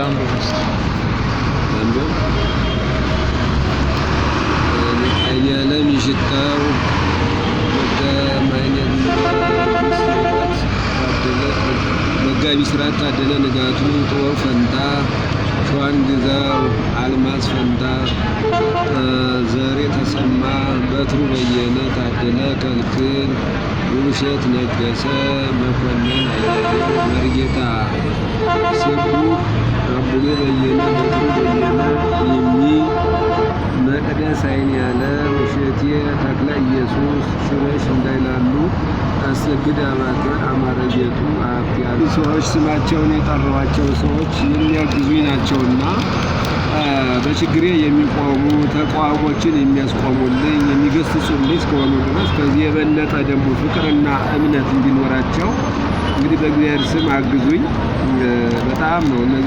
ላምቦ ውስጥ ላምቦ አይን ይሽታው መጋቢ ስርዓት ታደለ ንጋቱ፣ ጥበብ ፈንታ፣ ሸዋን ግዛው፣ አልማዝ ፈንታ፣ ዘሬ ተሰማ፣ በትሩ በየነ ታደለ፣ ከልክል ውብሸት ነገሰ፣ መኮንን መርጌታ ኢየሱስ ሽረሽ እንዳይላሉ አስግድ አባተ አማረ ጌቱ አያፍያሉ ሰዎች ስማቸውን የጠሯቸው ሰዎች የሚያግዙኝ ናቸውና በችግሬ የሚቆሙ ተቋሞችን የሚያስቆሙልኝ የሚገስጹልኝ እስከሆኑ ድረስ ከዚህ የበለጠ ደግሞ ፍቅርና እምነት እንዲኖራቸው እንግዲህ በእግዚአብሔር ስም አግዙኝ። በጣም ነው እነዚህ